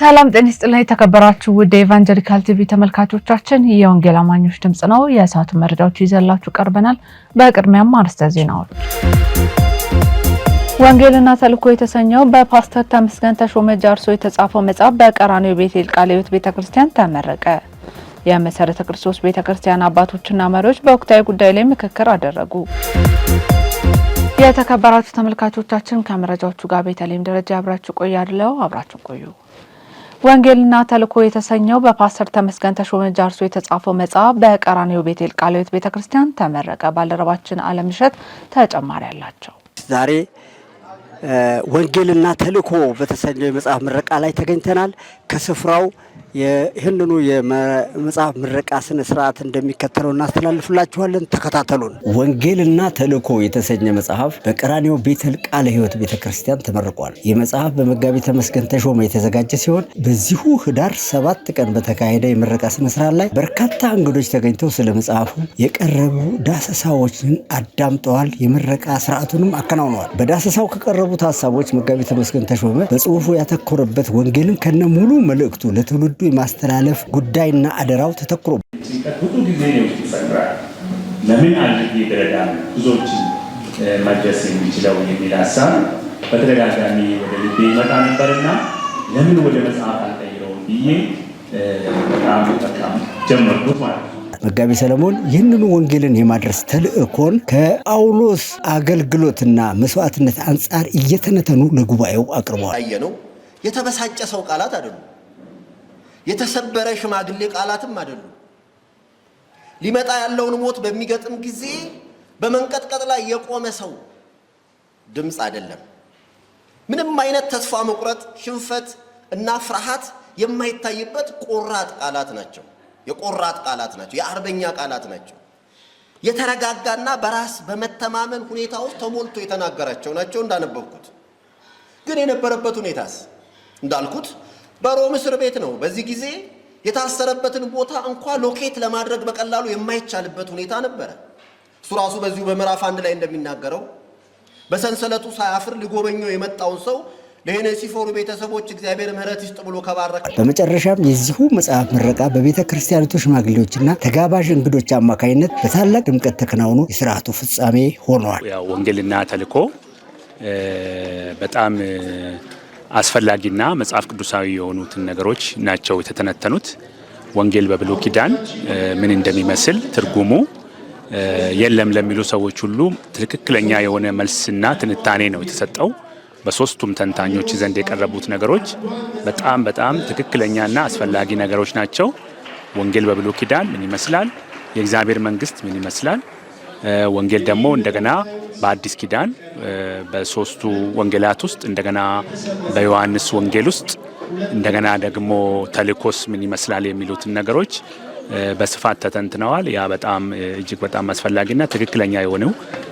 ሰላም ጤና ይስጥልኝ። የተከበራችሁ ውድ ኤቫንጀሊካል ቲቪ ተመልካቾቻችን የወንጌል አማኞች ድምፅ ነው። የእሳቱ መረጃዎች ይዘላችሁ ቀርበናል። በቅድሚያም አርዕስተ ዜናዎች። ወንጌልና ተልእኮ የተሰኘው በፓስተር ተመስገን ተሾመ ጃርሶ የተጻፈው መጽሐፍ በቀራንዮ ቤቴል ቃለ ሕይወት ቤተ ክርስቲያን ተመረቀ። የመሰረተ ክርስቶስ ቤተ ክርስቲያን አባቶችና መሪዎች በወቅታዊ ጉዳይ ላይ ምክክር አደረጉ። የተከበራችሁ ተመልካቾቻችን ከመረጃዎቹ ጋር ቤተልሔም ደረጃ አብራችሁ ቆያለሁ። አብራችሁ ቆዩ። ወንጌልና ተልእኮ የተሰኘው በፓስተር ተመስገን ተሾመ ጃርሶ የተጻፈው መጽሐፍ በቀራኒዮ ቤቴል ቃለ ሕይወት ቤተ ክርስቲያን ተመረቀ። ባልደረባችን አለም እሸት ተጨማሪ አላቸው። ዛሬ ወንጌልና ተልእኮ በተሰኘው የመጽሐፍ ምረቃ ላይ ተገኝተናል። ከስፍራው ይህንኑ የመጽሐፍ ምረቃ ስነ ስርዓት እንደሚከተለው እናስተላልፍላችኋለን። ተከታተሉን። ወንጌልና ተልእኮ የተሰኘ መጽሐፍ በቀራኒዮ ቤተል ቃለ ሕይወት ቤተ ክርስቲያን ተመርቋል። ይህ መጽሐፍ በመጋቢ ተመስገን ተሾመ የተዘጋጀ ሲሆን በዚሁ ህዳር ሰባት ቀን በተካሄደ የምረቃ ስነ ስርዓት ላይ በርካታ እንግዶች ተገኝተው ስለ መጽሐፉ የቀረቡ ዳሰሳዎችን አዳምጠዋል። የምረቃ ስርዓቱንም አከናውነዋል። በዳሰሳው ከቀረቡት ሀሳቦች መጋቢ ተመስገን ተሾመ በጽሁፉ ያተኮረበት ወንጌልን ከነ ሙሉ መልእክቱ ለትውልድ የማስተላለፍ ጉዳይና አደራው ተተክሮ ብዙ ጊዜ ነው ይፈጥራል። ለምን አንድ ብረዳ ነው ብዙዎችን መድረስ የሚችለው የሚል ሀሳብ በተደጋጋሚ ወደ ልቤ ይመጣ ነበርና ለምን ወደ መጽሐፍ አልቀይረውም ብዬ በጣም በጣም ጀመርኩት ማለት ነው። መጋቢ ሰለሞን ይህንኑ ወንጌልን የማድረስ ተልእኮን ከጳውሎስ አገልግሎትና መስዋዕትነት አንጻር እየተነተኑ ለጉባኤው አቅርበዋል። ነው የተበሳጨ ሰው ቃላት አይደሉም የተሰበረ ሽማግሌ ቃላትም አይደሉም። ሊመጣ ያለውን ሞት በሚገጥም ጊዜ በመንቀጥቀጥ ላይ የቆመ ሰው ድምፅ አይደለም። ምንም አይነት ተስፋ መቁረጥ፣ ሽንፈት እና ፍርሃት የማይታይበት ቆራጥ ቃላት ናቸው። የቆራጥ ቃላት ናቸው። የአርበኛ ቃላት ናቸው። የተረጋጋና በራስ በመተማመን ሁኔታ ውስጥ ተሞልቶ የተናገራቸው ናቸው። እንዳነበብኩት ግን የነበረበት ሁኔታስ እንዳልኩት በሮም እስር ቤት ነው። በዚህ ጊዜ የታሰረበትን ቦታ እንኳ ሎኬት ለማድረግ በቀላሉ የማይቻልበት ሁኔታ ነበረ። እሱ ራሱ በዚሁ በምዕራፍ አንድ ላይ እንደሚናገረው በሰንሰለቱ ሳያፍር ሊጎበኘው የመጣውን ሰው ለሄኔሲፎሩ ቤተሰቦች እግዚአብሔር ምሕረት ይስጥ ብሎ ከባረከ። በመጨረሻም የዚሁ መጽሐፍ ምረቃ በቤተ ክርስቲያኒቱ ሽማግሌዎችና ተጋባዥ እንግዶች አማካኝነት በታላቅ ድምቀት ተከናውኖ የስርዓቱ ፍጻሜ ሆኗል። ወንጌልና ተልእኮ በጣም አስፈላጊና መጽሐፍ ቅዱሳዊ የሆኑትን ነገሮች ናቸው የተተነተኑት። ወንጌል በብሉ ኪዳን ምን እንደሚመስል ትርጉሙ የለም ለሚሉ ሰዎች ሁሉ ትክክለኛ የሆነ መልስና ትንታኔ ነው የተሰጠው። በሶስቱም ተንታኞች ዘንድ የቀረቡት ነገሮች በጣም በጣም ትክክለኛና አስፈላጊ ነገሮች ናቸው። ወንጌል በብሉ ኪዳን ምን ይመስላል? የእግዚአብሔር መንግስት ምን ይመስላል? ወንጌል ደግሞ እንደገና በአዲስ ኪዳን በሶስቱ ወንጌላት ውስጥ እንደገና በዮሐንስ ወንጌል ውስጥ እንደገና ደግሞ ተልእኮስ ምን ይመስላል የሚሉትን ነገሮች በስፋት ተተንትነዋል። ያ በጣም እጅግ በጣም አስፈላጊና ትክክለኛ የሆኑ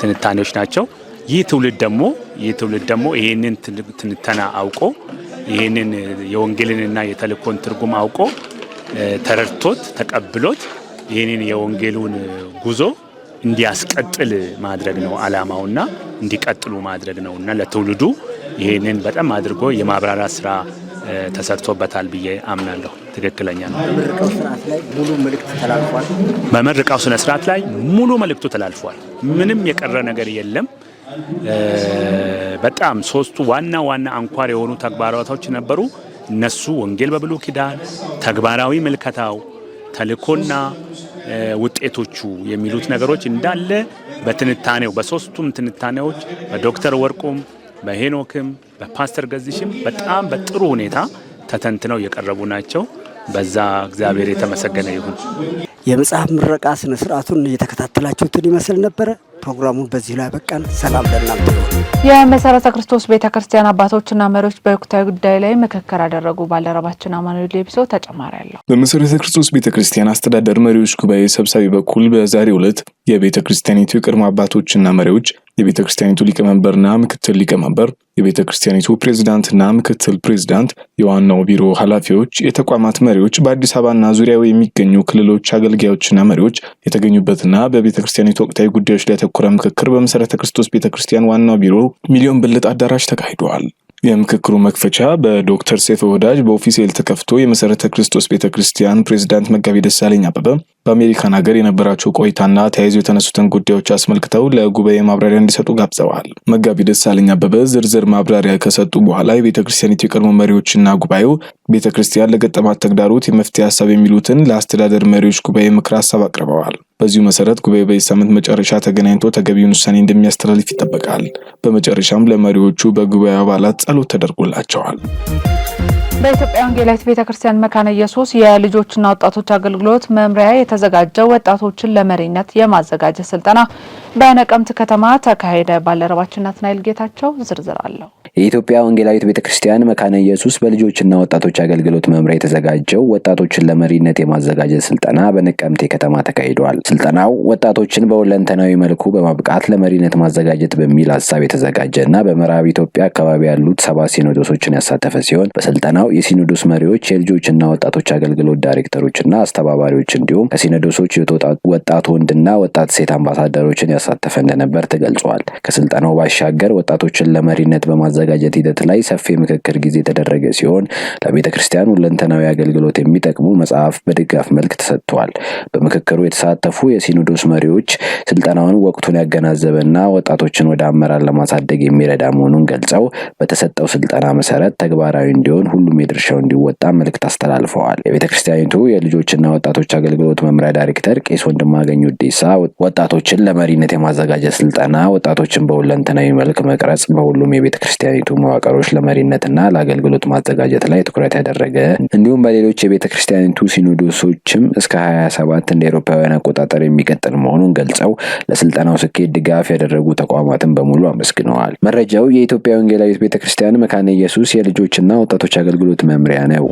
ትንታኔዎች ናቸው። ይህ ትውልድ ደግሞ ይህ ትውልድ ደግሞ ይህንን ትንተና አውቆ ይህንን የወንጌልንና የተልእኮን ትርጉም አውቆ ተረድቶት ተቀብሎት ይህንን የወንጌሉን ጉዞ እንዲያስቀጥል ማድረግ ነው አላማውና እንዲቀጥሉ ማድረግ ነው እና ለትውልዱ ይህንን በጣም አድርጎ የማብራራት ስራ ተሰርቶበታል ብዬ አምናለሁ። ትክክለኛ ነው። በምረቃው ስነ ስርዓት ላይ ሙሉ መልእክቱ ተላልፏል። ምንም የቀረ ነገር የለም። በጣም ሶስቱ ዋና ዋና አንኳር የሆኑ ተግባራቶች ነበሩ። እነሱ ወንጌል በብሉይ ኪዳን፣ ተግባራዊ ምልከታው፣ ተልእኮና ውጤቶቹ የሚሉት ነገሮች እንዳለ በትንታኔው በሶስቱም ትንታኔዎች በዶክተር ወርቁም በሄኖክም በፓስተር ገዚሽም በጣም በጥሩ ሁኔታ ተተንትነው የቀረቡ ናቸው። በዛ እግዚአብሔር የተመሰገነ ይሁን። የመጽሐፍ ምረቃ ስነ ስርዓቱን እየተከታተላችሁትን ይመስል ነበረ። ፕሮግራሙን በዚህ ላይ በቃን። ሰላም ለእናንተ የመሰረተ ክርስቶስ ቤተ ክርስቲያን አባቶችና መሪዎች በወቅታዊ ጉዳይ ላይ ምክክር አደረጉ። ባልደረባችን አማኑኤል ሌብሶ ተጨማሪ ያለው በመሰረተ ክርስቶስ ቤተ ክርስቲያን አስተዳደር መሪዎች ጉባኤ ሰብሳቢ በኩል በዛሬው ዕለት የቤተ ክርስቲያኒቱ የቅድሞ አባቶችና መሪዎች የቤተ ክርስቲያኒቱ ሊቀመንበርና ምክትል ሊቀመንበር፣ የቤተ ክርስቲያኒቱ ፕሬዚዳንትና ምክትል ፕሬዚዳንት፣ የዋናው ቢሮ ኃላፊዎች፣ የተቋማት መሪዎች፣ በአዲስ አበባና ዙሪያው የሚገኙ ክልሎች አገልጋዮችና መሪዎች የተገኙበትና በቤተ ክርስቲያኒቱ ወቅታዊ ጉዳዮች ላይ ያተኮረ ምክክር በመሰረተ ክርስቶስ ቤተ ክርስቲያን ዋናው ቢሮ ሚሊዮን ብልጥ አዳራሽ ተካሂደዋል። የምክክሩ መክፈቻ በዶክተር ሴፈ ወዳጅ በኦፊሴል ተከፍቶ የመሰረተ ክርስቶስ ቤተ ክርስቲያን ፕሬዚዳንት መጋቢ ደሳለኝ አበበ በአሜሪካን ሀገር የነበራቸው ቆይታና ተያይዞ የተነሱትን ጉዳዮች አስመልክተው ለጉባኤ ማብራሪያ እንዲሰጡ ጋብዘዋል። መጋቢ ደሳለኝ አበበ ዝርዝር ማብራሪያ ከሰጡ በኋላ የቤተ ክርስቲያኒቱ የቀድሞ መሪዎችና ጉባኤው ቤተ ክርስቲያን ለገጠማት ተግዳሮት የመፍትሄ ሀሳብ የሚሉትን ለአስተዳደር መሪዎች ጉባኤ ምክር ሀሳብ አቅርበዋል። በዚሁ መሰረት ጉባኤ በዚህ ሳምንት መጨረሻ ተገናኝቶ ተገቢውን ውሳኔ እንደሚያስተላልፍ ይጠበቃል። በመጨረሻም ለመሪዎቹ በጉባኤ አባላት ጸሎት ተደርጎላቸዋል። በኢትዮጵያ ወንጌላዊት ቤተ ክርስቲያን መካነ ኢየሱስ የልጆችና ወጣቶች አገልግሎት መምሪያ የተዘጋጀው ወጣቶችን ለመሪነት የማዘጋጀት ስልጠና በነቀምት ከተማ ተካሄደ። ባልደረባችን ናትናኤል ጌታቸው ዝርዝር አለው። የኢትዮጵያ ወንጌላዊት ቤተ ክርስቲያን መካነ ኢየሱስ በልጆችና ወጣቶች አገልግሎት መምሪያ የተዘጋጀው ወጣቶችን ለመሪነት የማዘጋጀት ስልጠና በነቀምቴ ከተማ ተካሂዷል። ስልጠናው ወጣቶችን በሁለንተናዊ መልኩ በማብቃት ለመሪነት ማዘጋጀት በሚል ሀሳብ የተዘጋጀ እና በምዕራብ ኢትዮጵያ አካባቢ ያሉት ሰባት ሲኖዶሶችን ያሳተፈ ሲሆን በስልጠናው የሲኖዶስ መሪዎች፣ የልጆችና ወጣቶች አገልግሎት ዳይሬክተሮችና አስተባባሪዎች እንዲሁም ከሲኖዶሶች ወጣት ወንድና ወጣት ሴት አምባሳደሮችን ያሳተፈ እንደነበር ተገልጿል። ከስልጠናው ባሻገር ወጣቶችን ለመሪነት በማዘ ማዘጋጀት ሂደት ላይ ሰፊ ምክክር ጊዜ የተደረገ ሲሆን ለቤተ ክርስቲያን ሁለንተናዊ አገልግሎት የሚጠቅሙ መጽሐፍ በድጋፍ መልክ ተሰጥቷል። በምክክሩ የተሳተፉ የሲኖዶስ መሪዎች ስልጠናውን ወቅቱን ያገናዘበና ወጣቶችን ወደ አመራር ለማሳደግ የሚረዳ መሆኑን ገልጸው በተሰጠው ስልጠና መሰረት ተግባራዊ እንዲሆን ሁሉም የድርሻው እንዲወጣ መልክት አስተላልፈዋል። የቤተ ክርስቲያኒቱ የልጆችና ወጣቶች አገልግሎት መምሪያ ዳይሬክተር ቄስ ወንድማገኝ ውዴሳ ወጣቶችን ለመሪነት የማዘጋጀት ስልጠና ወጣቶችን በሁለንተናዊ መልክ መቅረጽ በሁሉም የቤተ ክርስቲያን የሀገሪቱ መዋቅሮች ለመሪነትና ለአገልግሎት ማዘጋጀት ላይ ትኩረት ያደረገ እንዲሁም በሌሎች የቤተ ክርስቲያኒቱ ሲኖዶሶችም እስከ ሰባት እንደ ኤሮፓውያን አቆጣጠር የሚቀጥል መሆኑን ገልጸው ለስልጠናው ስኬት ድጋፍ ያደረጉ ተቋማትን በሙሉ አመስግነዋል። መረጃው የኢትዮጵያ ወንጌላዊት ቤተ ክርስቲያን መካነ ኢየሱስ የልጆችና ወጣቶች አገልግሎት መምሪያ ነው።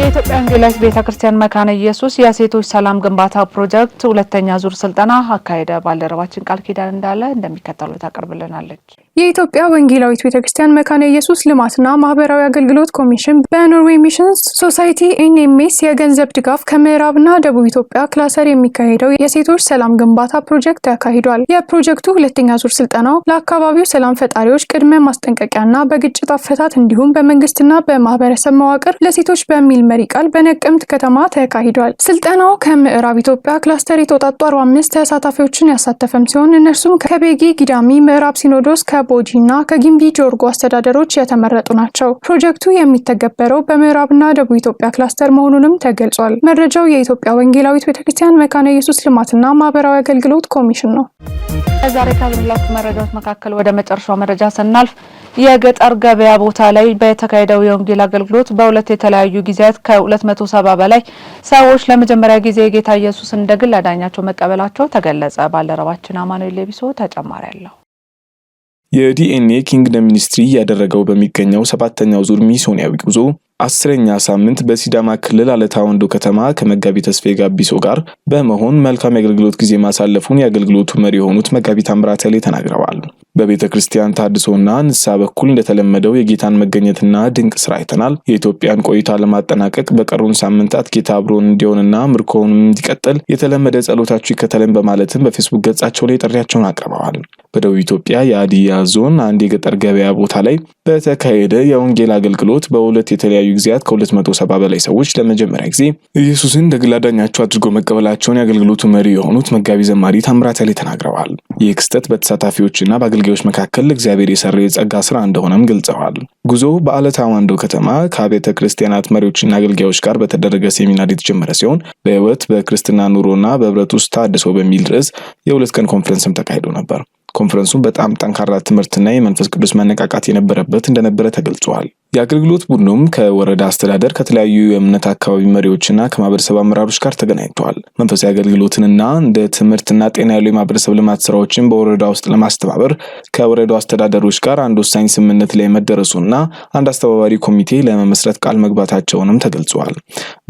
የኢትዮጵያ ወንጌላዊት ቤተ ክርስቲያን መካነ ኢየሱስ የሴቶች ሰላም ግንባታ ፕሮጀክት ሁለተኛ ዙር ስልጠና አካሄደ። ባልደረባችን ቃል ኪዳን እንዳለ እንደሚከተሉት ታቀርብልናለች። የኢትዮጵያ ወንጌላዊት ቤተክርስቲያን መካነ ኢየሱስ ልማትና ማህበራዊ አገልግሎት ኮሚሽን በኖርዌይ ሚሽንስ ሶሳይቲ ኤንኤምኤስ የገንዘብ ድጋፍ ከምዕራብና ደቡብ ኢትዮጵያ ክላሰር የሚካሄደው የሴቶች ሰላም ግንባታ ፕሮጀክት ተካሂዷል። የፕሮጀክቱ ሁለተኛ ዙር ስልጠናው ለአካባቢው ሰላም ፈጣሪዎች ቅድመ ማስጠንቀቂያና በግጭት አፈታት እንዲሁም በመንግስትና በማህበረሰብ መዋቅር ለሴቶች በሚል መሪ ቃል በነቀምት ከተማ ተካሂዷል። ስልጠናው ከምዕራብ ኢትዮጵያ ክላስተር የተውጣጡ 45 ተሳታፊዎችን ያሳተፈም ሲሆን እነርሱም ከቤጊ ጊዳሚ ምዕራብ ሲኖዶስ ከቦጂና ከጊምቢ ጆርጎ አስተዳደሮች የተመረጡ ናቸው። ፕሮጀክቱ የሚተገበረው በምዕራብና ደቡብ ኢትዮጵያ ክላስተር መሆኑንም ተገልጿል። መረጃው የኢትዮጵያ ወንጌላዊት ቤተክርስቲያን መካነ ኢየሱስ ልማትና ማህበራዊ አገልግሎት ኮሚሽን ነው። ከዛሬ ካብንላችሁ መረጃዎች መካከል ወደ መጨረሻው መረጃ ስናልፍ የገጠር ገበያ ቦታ ላይ በተካሄደው የወንጌል አገልግሎት በሁለት የተለያዩ ጊዜያት ከ270 በላይ ሰዎች ለመጀመሪያ ጊዜ የጌታ ኢየሱስ እንደ ግል አዳኛቸው መቀበላቸው ተገለጸ። ባልደረባችን አማኑኤል ሌቢሶ ተጨማሪ አለው። የዲኤንኤ ኪንግደም ሚኒስትሪ እያደረገው በሚገኘው ሰባተኛው ዙር ሚስዮናዊ ጉዞ አስረኛ ሳምንት በሲዳማ ክልል አለታ ወንዶ ከተማ ከመጋቢ ተስፌ ጋቢሶ ጋር በመሆን መልካም የአገልግሎት ጊዜ ማሳለፉን የአገልግሎቱ መሪ የሆኑት መጋቢ ታምራት ተናግረዋል። በቤተ ክርስቲያን ታድሶና ንስሐ በኩል እንደተለመደው የጌታን መገኘትና ድንቅ ስራ አይተናል። የኢትዮጵያን ቆይታ ለማጠናቀቅ በቀሩን ሳምንታት ጌታ አብሮን እንዲሆንና ምርኮውንም እንዲቀጥል የተለመደ ጸሎታችሁ ይከተለን በማለትም በፌስቡክ ገጻቸው ላይ ጥሪያቸውን አቅርበዋል። በደቡብ ኢትዮጵያ የአዲያ ዞን አንድ የገጠር ገበያ ቦታ ላይ በተካሄደ የወንጌል አገልግሎት በሁለት የተለያዩ ጊዜያት ከ ሰባ በላይ ሰዎች ለመጀመሪያ ጊዜ ኢየሱስን እንደ ግል አዳኛቸው አድርጎ መቀበላቸውን የአገልግሎቱ መሪ የሆኑት መጋቢ ዘማሪ ታምራት ያሌ ተናግረዋል። ይህ ክስተት በተሳታፊዎችና በአገልግሎ ልጆች መካከል እግዚአብሔር የሰራው የጸጋ ስራ እንደሆነም ገልጸዋል። ጉዞው በአለታ ዋንዶ ከተማ ከቤተ ክርስቲያናት መሪዎችና አገልጋዮች ጋር በተደረገ ሴሚናር የተጀመረ ሲሆን በህይወት በክርስትና ኑሮና በህብረት ውስጥ ታድሶ በሚል ርዕስ የሁለት ቀን ኮንፈረንስም ተካሂዶ ነበር። ኮንፈረንሱ በጣም ጠንካራ ትምህርትና የመንፈስ ቅዱስ መነቃቃት የነበረበት እንደነበረ ተገልጿል። የአገልግሎት ቡድኑም ከወረዳ አስተዳደር ከተለያዩ የእምነት አካባቢ መሪዎችና ከማህበረሰብ አመራሮች ጋር ተገናኝተዋል። መንፈሳዊ አገልግሎትንና እንደ ትምህርትና ጤና ያሉ የማህበረሰብ ልማት ስራዎችን በወረዳ ውስጥ ለማስተባበር ከወረዳ አስተዳደሮች ጋር አንድ ወሳኝ ስምምነት ላይ መደረሱና አንድ አስተባባሪ ኮሚቴ ለመመስረት ቃል መግባታቸውንም ተገልጿል።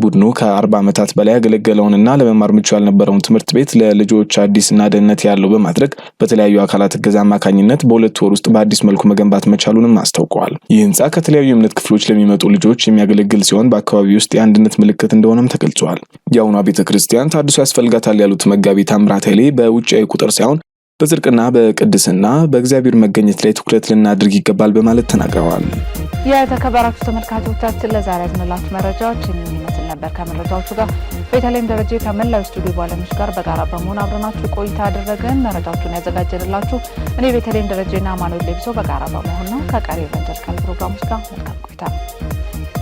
ቡድኑ ከአርባ ዓመታት በላይ ያገለገለውንና ለመማር ምቹ ያልነበረውን ትምህርት ቤት ለልጆች አዲስና ደህንነት ያለው በማድረግ በተለያዩ አካላት እገዛ አማካኝነት በሁለት ወር ውስጥ በአዲስ መልኩ መገንባት መቻሉንም አስታውቀዋል። ይህ ህንፃ ከተለያዩ የእምነት ክፍሎች ለሚመጡ ልጆች የሚያገለግል ሲሆን በአካባቢ ውስጥ የአንድነት ምልክት እንደሆነም ተገልጿል። የአሁኗ ቤተ ክርስቲያን ታድሶ ያስፈልጋታል ያሉት መጋቢ ታምራት ኃይሌ በውጫዊ ቁጥር ሳይሆን በጽድቅና በቅድስና በእግዚአብሔር መገኘት ላይ ትኩረት ልናድርግ ይገባል በማለት ተናግረዋል። የተከበራችሁ ተመልካቾቻችን ለዛሬ ያዝንላችሁ መረጃዎች የሚመስል ነበር። ከመረጃዎቹ ጋር በተለይም ደረጀ ከመላው ስቱዲዮ ባለሙያዎች ጋር በጋራ በመሆን አብረናችሁ ቆይታ ያደረገን መረጃዎቹን ያዘጋጀንላችሁ እኔ በተለይም ደረጀና ማኖ ሌብሶ በጋራ በመሆን ነው። ከቀሪ ኢቫንጀሊካል ፕሮግራሞች ጋር መልካም ቆይታ ነው።